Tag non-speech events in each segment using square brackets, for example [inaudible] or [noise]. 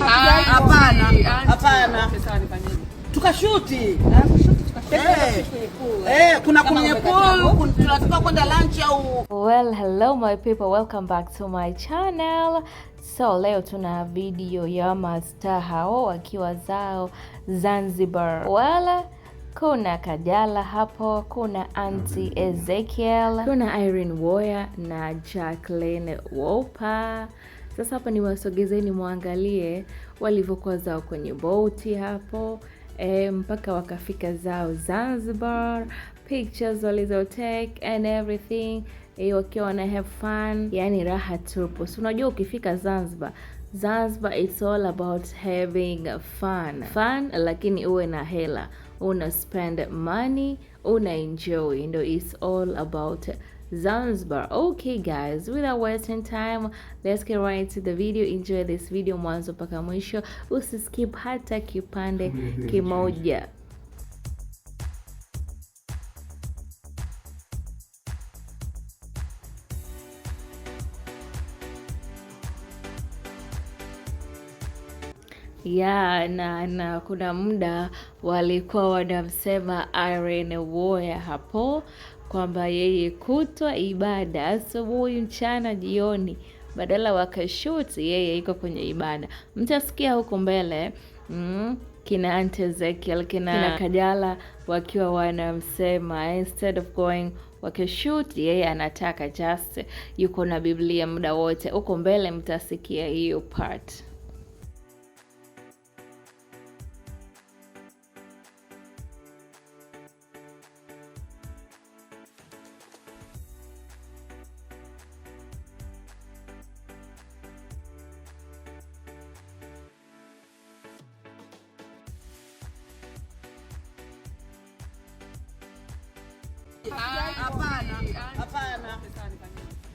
Hapana, hapana, tukashuti eh. Eh, Well, hello my people, welcome back to my channel. So leo tuna video ya mastaa hao wakiwa zao Zanzibar. Well, kuna Kajala hapo, kuna Anti Ezekiel, kuna Irene Woya na Jacqueline Wolper sasa hapa niwasogezeni mwangalie walivyokuwa zao kwenye boti hapo e, mpaka wakafika zao Zanzibar, pictures walizotake and everything e, wakiwa wana have fun, yani raha tupu. So unajua ukifika Zanzibar Zanzibar it's all about having fun. Fun lakini uwe na hela, una spend money, una enjoy, ndo it's all about Zanzibar. Okay guys, without wasting time, let's get right into the video. Enjoy this video mwanzo mpaka mwisho, usiskip hata kipande kimoja. ya na na kuna muda walikuwa wanamsema Irene Uwoya hapo kwamba yeye kutwa ibada, asubuhi, mchana, jioni, badala wakashuti, yeye iko kwenye ibada. Mtasikia huko mbele mm, kina Aunt Ezekiel kina, kina Kajala wakiwa wanamsema instead of going wakishuti, yeye anataka just yuko na Biblia muda wote. Huko mbele mtasikia hiyo part. Hapana, hapana,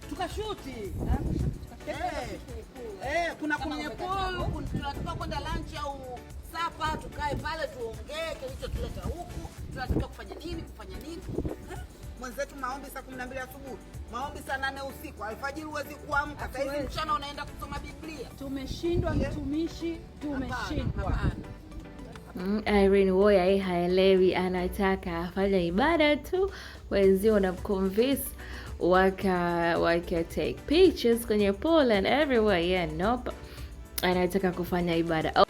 tukashuti eh, eh, kuna kwenye pool, kwenda lunch au sapa, tukae pale tuongee kilichotuleta huku, tunataka kufanya nini, kufanya nini. Mwenzetu maombi saa kumi na mbili asubuhi, maombi saa nane usiku, alfajiri huwezi kuamka, saa hizi mchana unaenda kusoma Biblia. Tumeshindwa mtumishi, tumeshindwa. Mm, Irene Uwoya yeye haelewi, anataka afanye ibada tu, wenzio wanamconvince waka waka take pictures kwenye pool and everywhere yeah, nope. Anataka kufanya ibada oh.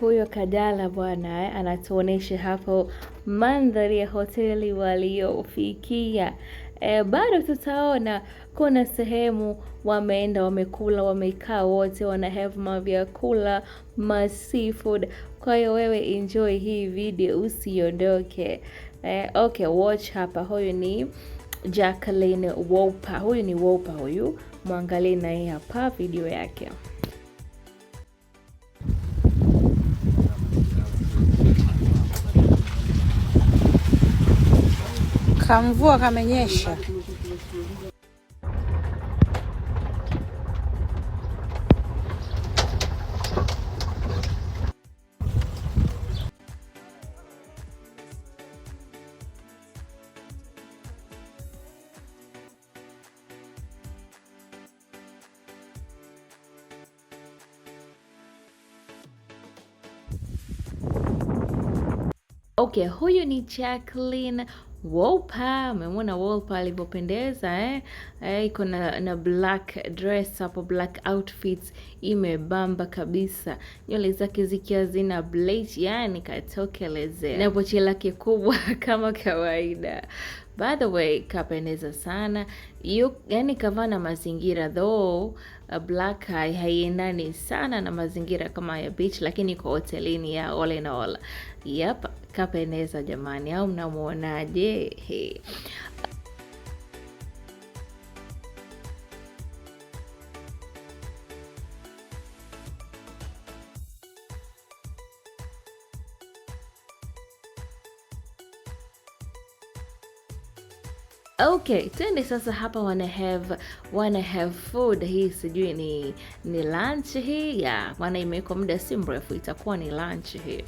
Huyo kadala bwana eh, anatuonesha hapo mandhari ya hoteli waliofikia e, bado tutaona kuna sehemu wameenda wamekula, wamekaa wote, wana have mavyakula ma seafood. Kwa hiyo wewe enjoy hii video, usiondoke. Eh, okay, watch hapa. Huyu ni Jacqueline Wolper, huyu ni Wolper, huyu mwangalie na yeye hapa video yake. kamvua kamenyesha. Okay, huyu ni Jacqueline Wolpa, umemwona Wolpa alivyopendeza eh? Eh, iko na, na black dress hapo, black outfits imebamba kabisa, nywele zake zikiwa zina bleach, yani katokeleze na pochi lake kubwa [laughs] kama kawaida. By the way, kapendeza sana, yani kavaa na mazingira though black eye haiendani sana na mazingira kama ya beach, lakini kwa hotelini ya all in all. Yep, kapeneza jamani, au mnamuonaje? Hey. Okay, twende sasa hapa wana have wana have food hii, sijui ni ni lunch hii ya yeah, maana imewekwa muda si mrefu, itakuwa ni lunch hii.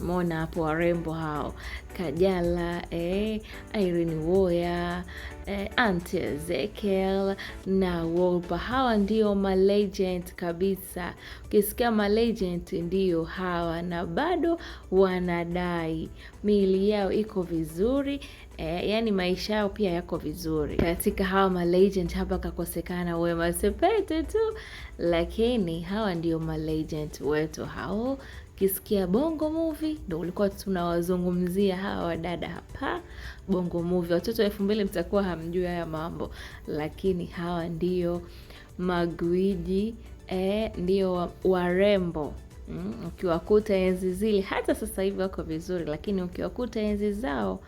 Umeona hapo warembo hao Kajala, eh, Irene Woya eh, Aunty Ezekiel na Wolper. Hawa ndio ma kabisa. Ukisikia ma ndio hawa, na bado wanadai miili yao iko vizuri. E, yani maisha yao pia yako vizuri. Katika hawa ma hapa kakosekana Wema Sepetu tu, lakini hawa ndio ma wetu hao Ukisikia bongo movie ndo ulikuwa tunawazungumzia hawa wadada hapa. Bongo movie, watoto elfu mbili mtakuwa hamjui haya mambo, lakini hawa ndio magwiji eh, ndio warembo mm, ukiwakuta enzi zile, hata sasa hivi wako vizuri, lakini ukiwakuta enzi zao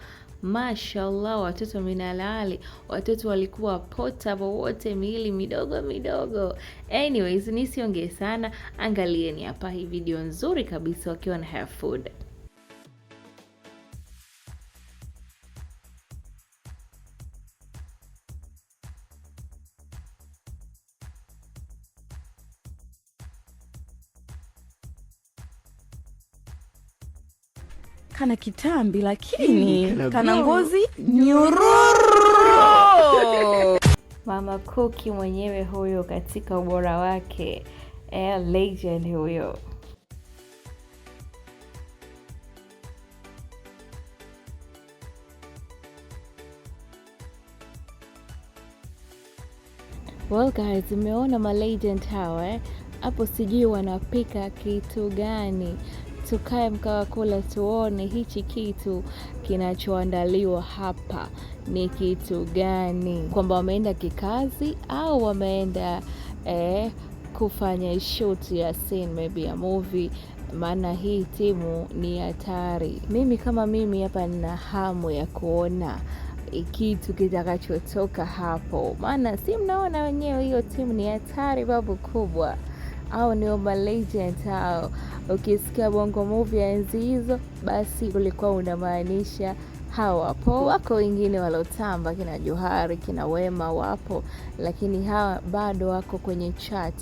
Mashallah, watoto minalali, watoto walikuwa potable wote, miili midogo midogo. Anyways, nisiongee sana, angalieni hapa hii video nzuri kabisa wakiwa na Hair Food. kana kitambi lakini hmm, kana ngozi nyururu [laughs] Mama Kuki mwenyewe huyo katika ubora wake, eh, legend huyo. Well guys, umeona malegend hawa eh? hapo Sijui wanapika kitu gani tukae mkawa kula tuone hichi kitu kinachoandaliwa hapa ni kitu gani, kwamba wameenda kikazi au wameenda eh, kufanya shoot ya scene maybe ya movie maana hii timu ni hatari. Mimi kama mimi hapa nina hamu ya kuona kitu kitakachotoka hapo, maana si mnaona wenyewe, hiyo timu ni hatari babu kubwa au ni legend hao. Ukisikia bongo movie ya enzi hizo, basi ulikuwa unamaanisha hao wapo. Wako wengine walotamba kina Johari, kina Wema wapo, lakini hawa bado wako kwenye chat,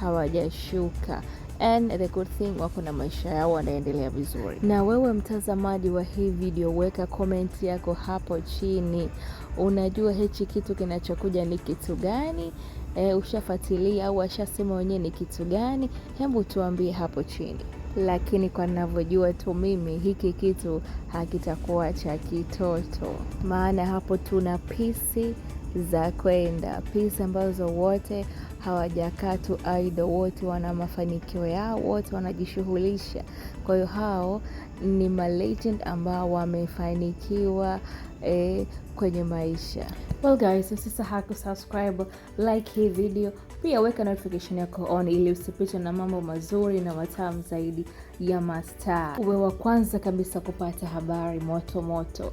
hawajashuka. And the good thing wako na maisha yao wanaendelea vizuri. Na wewe mtazamaji wa hii video, weka comment yako hapo chini. Unajua hichi kitu kinachokuja ni kitu gani? e, ushafuatilia au washasema wenyewe ni kitu gani? Hebu tuambie hapo chini. Lakini kwa ninavyojua tu mimi, hiki kitu hakitakuwa cha kitoto, maana hapo tuna pisi za kwenda pisi ambazo wote hawajakaa tu wote wana mafanikio yao, wote wanajishughulisha. Kwa hiyo hao ni malegend ambao wamefanikiwa eh, kwenye maisha. Well guys, usisahau kusubscribe, like hii video, pia weka notification yako on ili usipitwe na mambo mazuri na matamu zaidi ya mastaa, uwe wa kwanza kabisa kupata habari moto moto.